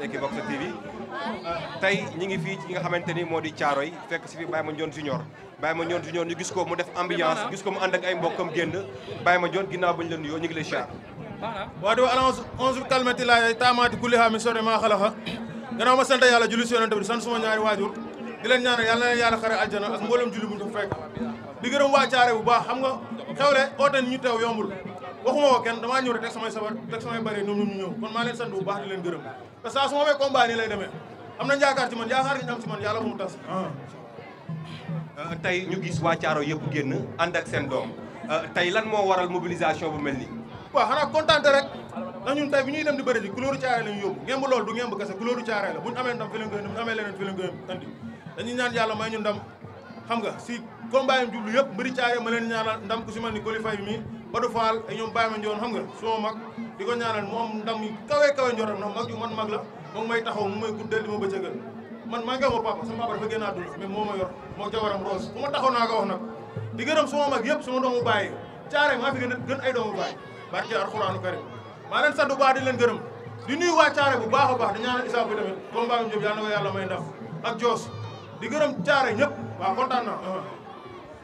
seen Equivox TV tey ñi ngi fii ci nga xamante ni moo di caaro yi fekk si fi Baye Mandione Junior Baye Mandione Junior ñu gis ko mu def ambiance gis ko mu ànd ak ay mbokkam génn Baye Mandione ginnaaw bañ la nuyoo ñu ngi lay siyaar waaw di wax alonge onze kalmati laay taamaati kulli haa mi sore maa xalaxa gannaaw ma sant yàlla julli si yonent bi sant suma ñaari waajur di leen ñaanal yàlla na leen yàlla xare aljana ak mboolem julli bu ñu ko fekk di gërëm waa Caaroy bu baax xam nga waxuma ko kenn damaa ñëw rek teg samay sabar teg samay bëri ñoom ñoom kon maa leen sant bu baax di leen gërëm te saa su ma amee combat nii lay demee am nañ yaakaar ci man yaakaar gi man yàlla bu mu tas ah. tey ñu gis waa caaro yëpp génn ànd ak seen doom ah, tey lan moo waral mobilisation bu mel ni waaw xanaa kontaan rek ndax ñun tey bi ñuy dem di bëri ji couleur Thiaroye la ñu yóbbu ngemb loolu du ngemb la bu ñu amee ndam fi leen gën bu ñu amee leneen fi leen gën andi dañuy ma leen ñaanal Badou Fall ay ñoom Baye Mandione xam nga suma mag di ko ñaanal mu am ndam yu kawee kawe njortam ndax mag yu man mag la moom may taxaw mu may guddeel di ma bëccëgal man maa ngi amoo papa sama papa dafa génn àdduna mais moo ma yor moo jabaram Rose bu ma taxaw naa ko wax nag di gërëm suma mag yëpp suma doomu bàyyi caare maa fi gën a gën ay doomu bàyyi barke alxuraanu karim maa leen sant bu di leen gërëm di nuyu waa caare bu baax a baax di ñaanal isaab bi tamit combat bi jëp yàlla na ko yàlla may ndam ak joos di gërëm caare ñëpp waaw kontaan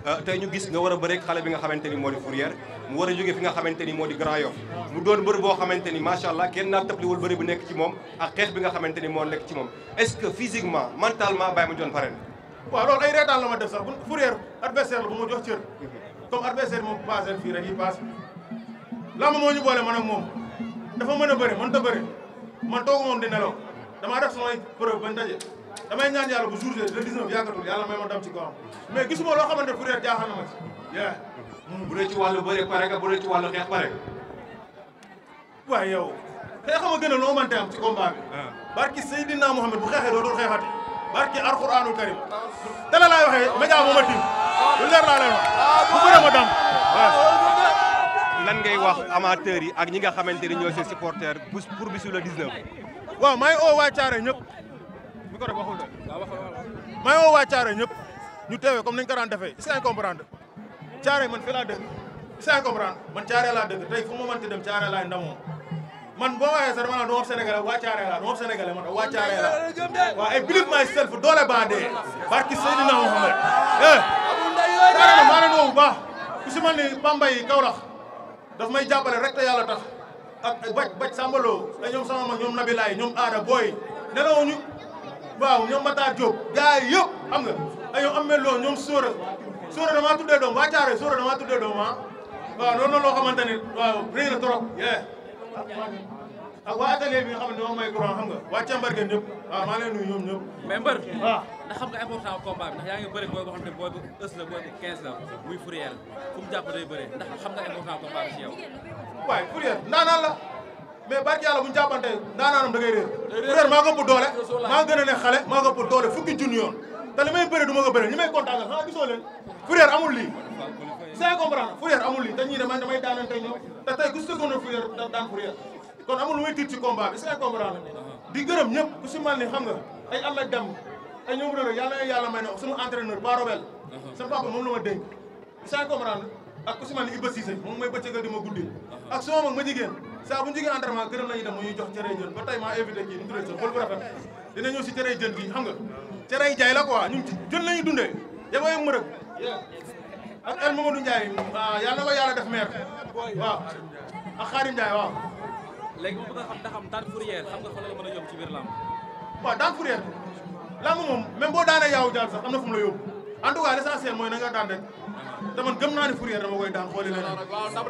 Euh, tey ñu gis nga war a bëreek xale bi nga xamante ni moo di Fourrière mu war a jóge fi nga xamante ni moo di Grand Yoff mu doon bëri boo xamante ni macha allah kenn naa tabliwul bëri bu nekk ci moom ak xeex bi nga xamante ni moo nekk ci moom est-ce que physiquement mentalement Baye Mandione pare na waaw loolu ay reetaan la ma def sax bu Fourrière adversaire la bu ma jox cër comme adversaire moom passé fii rek yi passé làmb moo ñu boole man ak moom dafa mën a bëri mën ta bëri moom damay ñaan yàlla bu jour J le 19 yàggatul yàlla may ma dam ci kawam mais gisuma wa xamante ne peut-être jaaxal na ma ci. yaa hmm, bu pare nga bu dee xeex pare nga. waaye xeex ma gën a loo mënte am ci combat bi. Ah. barki Seydina Mohamed bu xeexee doo dul xeexati barki Alxuraanul Karim te la ma tiim lu leer laa leen wax bu bëree ma dam lan ngay wax amateurs yi ak ñi nga xamante ni ñoo seen supporter pour bisu le 19. waaw maa ngi oo waa ñëpp. may woo waa Thiaroye ñëpp ñu teewee comme nañ ko daan defee est-ce que comprendre Thiaroye man fi laa dëkk est-ce que comprendre man Thiaroye laa dëkk tey fu mu mënti dem Thiaroye laay ndamoo man boo waxee sax dama naan du ma Sénégalais waa Thiaroye laa du ma Sénégalais man waa Thiaroye laa waaw ay believe myself doole baa dee barki Seydina Mouhamed eh Thiaroye maa leen woo bu ku si mel ni Pambay Kaolack daf may jàppale rek te yàlla tax ak baj baj waaw ñoom Matar Diop gars yi yëpp xam nga ay ñoom am meloo ñoom Sora Sora damaa tuddee doom waa Thiaroye Sora damaa tuddee doom ah waaw loolu loo xamante ni waaw na trop yee ak waa atelier bi nga xam ne moom mooy courant nga waa càmbar ngeen ñëpp waaw maa leen nuyu ñoom ñëpp mais mbër waaw ah. ndax xam nga important combat bi ndax yaa ngi bëri booy boo xam ne booy bu ës la booy bu 15 la muy fourrière fu mu jàpp day bëri ndax xam nga important combat bi si yow waaye fourrière mais barke yàlla bu ñu jàppante daanaanam da ngay réer réer maa ko ëpp doole maa gën a ne xale maa ko ëpp doole fukki junni yoon te li may bëri du ma ko bëri may kontaan xanaa gisoo leen Fourrière amul lii c'est comprendre Fourrière amul lii te ñii damay damay daanante ñoom te tey ku si tëggoon Fourrière daan Fourrière kon amul lu may tiit ci combat di gërëm ñëpp ku si mel ni xam nga ay am dem ay ñoom réer yàlla na yàlla may na uh-huh. sama entraîneur ma dénk c'est comprendre ak ku si mel ni Iba Cissé moom may ma guddi ak saa bu ñu jógee entraînement gërëm nañu dem mu ñuy jox cere jën ba tey maa invité kii nu mu tuddee sa xol bu rafet dina ñëw si cere jën bi xam cere yi jaay la ko yàlla def maire waaw ak Xaadim Ndiaye waaw. léegi moom nga xam da xam daan xam nga fa la a yóbbu ci biir làmb. waaw daan fourrière làmb moom même boo daanee yaaw jaal sax am na fu mu la yóbbu. en tout cas l'essentiel mooy na daan rek te man gëm naa ne Fourrière dama koy daan xooli leneen waaw xam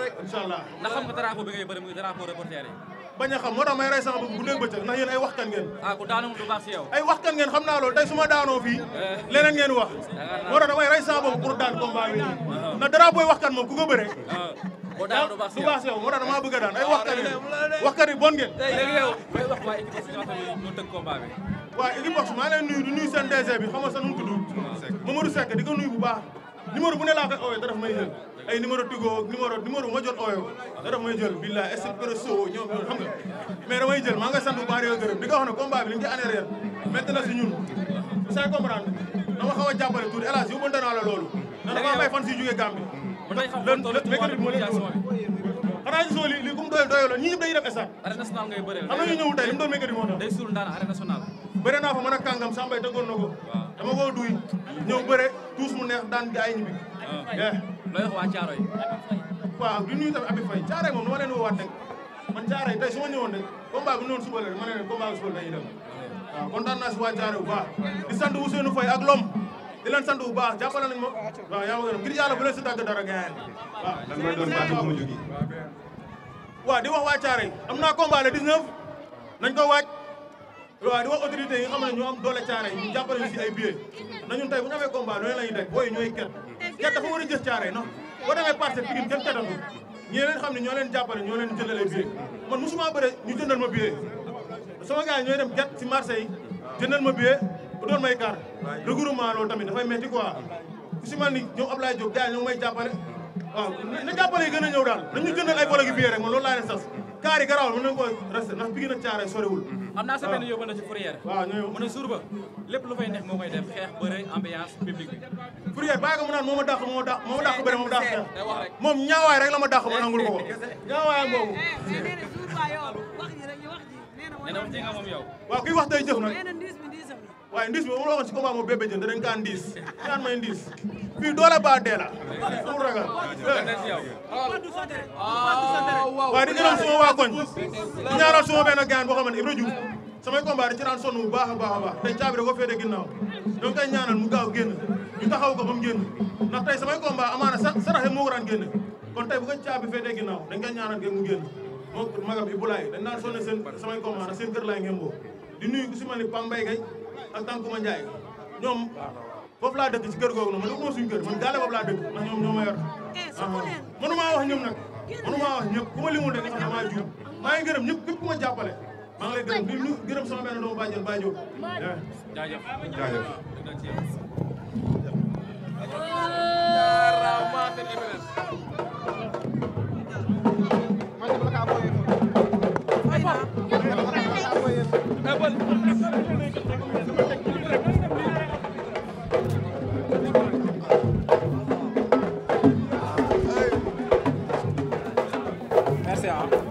nga drapeau bi ngay bëri muy drapeau reporter yi bañ a xam moo tax may rey sama bu dee bëccëg ndax yéen ay waxkan ngeen ah ku daanu du baax si ngeen xam naa loolu tey su ma daanoo eh. leneen ngeen wax eh. moo tax damay rey sama bopp pour daan combat bi nii eh. na drapeau yi waxkan moom ku ko du baax si moo damaa bëgg a daan ay ah, waxkat yi ngeen wax waa équipe bi ñoo waaw Equivox maa leen nuyu di nuyu seen DG bi sa nu mu tudd Mamadou Seck nuyu bu baax numéro bu ne laa koy ooyoo da daf may jël ay numéro Tigo ma jot ooyoo da daf may jël billah espresso ñoom ñoom xam nga mais damay jël maa ngi sant bu baax di gërëm di ko wax ne combat bi li nga ci année réel métti na si ñun saa comprendre dama xaw a jàppale tuuti hélas yu bënta naa loolu da dafa may fan si jógee Gambie mercredi moo leen xanaa si soo bëre naa fa mën a kàngam Sambay tëggoon na ko. dama koo duy ñëw bëre tuus mu neex daan gaay ñibbi. Eh. looy wax waa Caaroy. waaw du nuyu tamit Abib Faye Caaroy moom nu ma leen woowaat rek man Caaroy tey su ma ñëwoon rek combat bi noonu suba la rek ma ne leen combat bi suba la ñuy dem. waaw kontaan naa si waa Caaroy bu baax di sant Ousseynou Faye ak Lom di leen sant bu baax jàppale nañ ma waaw yaa ma gën a ngir yàlla bu leen si tàgg dara gaay waaw. lan di wax waa waaw di wax autorité yi nga xam ne ñoo am doole caare yi ñu jàppale ñu si ay billets na ñun tey bu ñu amee combat noonu la ñuy def booy ñooy ket ket dafa war a jëf caare ndax boo demee parce que Pikine kenn ketandu ñi leen xam ne ñoo leen jàppale ñoo leen jëndal ay billets man musuma bëre ñu jëndal ma billet sama gars yi si marché yi jëndal ma billet bu doon may kar regroupement loolu tamit dafay metti quoi ku si man ni ñoom Ablaye Diop gars yi ñoo may jàppale waaw na jàppale yi gën a ñëw daal nañu jëndal ay bolo gi billet rek man loolu laa leen am naa sa benn yóbbu na ci fourrière. waaw ñooñu ne jour ba lépp lu fay neex moo koy def xeex bëre ambiance public bi. fourrière bàyyi ko mu ma dàq moo ma dàq moo ma dàq bëre la ma dàq ma nangul boobu. Eh, nee na wax ji nga kuy wax day jëf waaye ndis bi mu waxoon si combat moom bébé jën danañ kaan ndis ñaan may ndis fii doole baa dee la pour ragal waaye di gërëm suma waa koñ di ñaanal boo xam ne Ibra Diouf samay combat di ci daan sonn bu baax a baax a baax tey caabi da ko féete ginnaaw ñoo ngi koy ñaanal gaaw génn ñu taxaw ko ba mu génn ndax tey samay combat amaana sa saraxe moo ko daan génne kon tey bu ko caabi féete ginnaaw dañ koy ñaanal ngeen mu moo magam Ibou Laye dañ daan sonne di nuyu ku si ak tànkuma Njaay ñoom foofu laa dëkk ci kër googu noonu man dama suñu kër man gàlle foofu laa dëkk ndax ñoom ñoo ma yor eh, ah, mënumaa wax ñoom nag mënumaa wax ñëpp ku ma limul rek nga xam damaa juum maa ngi gërëm ñëpp képp ku ma jàppale maa ngi gërëm di ñu gërëm sama doomu bàjjen bàjjo c'est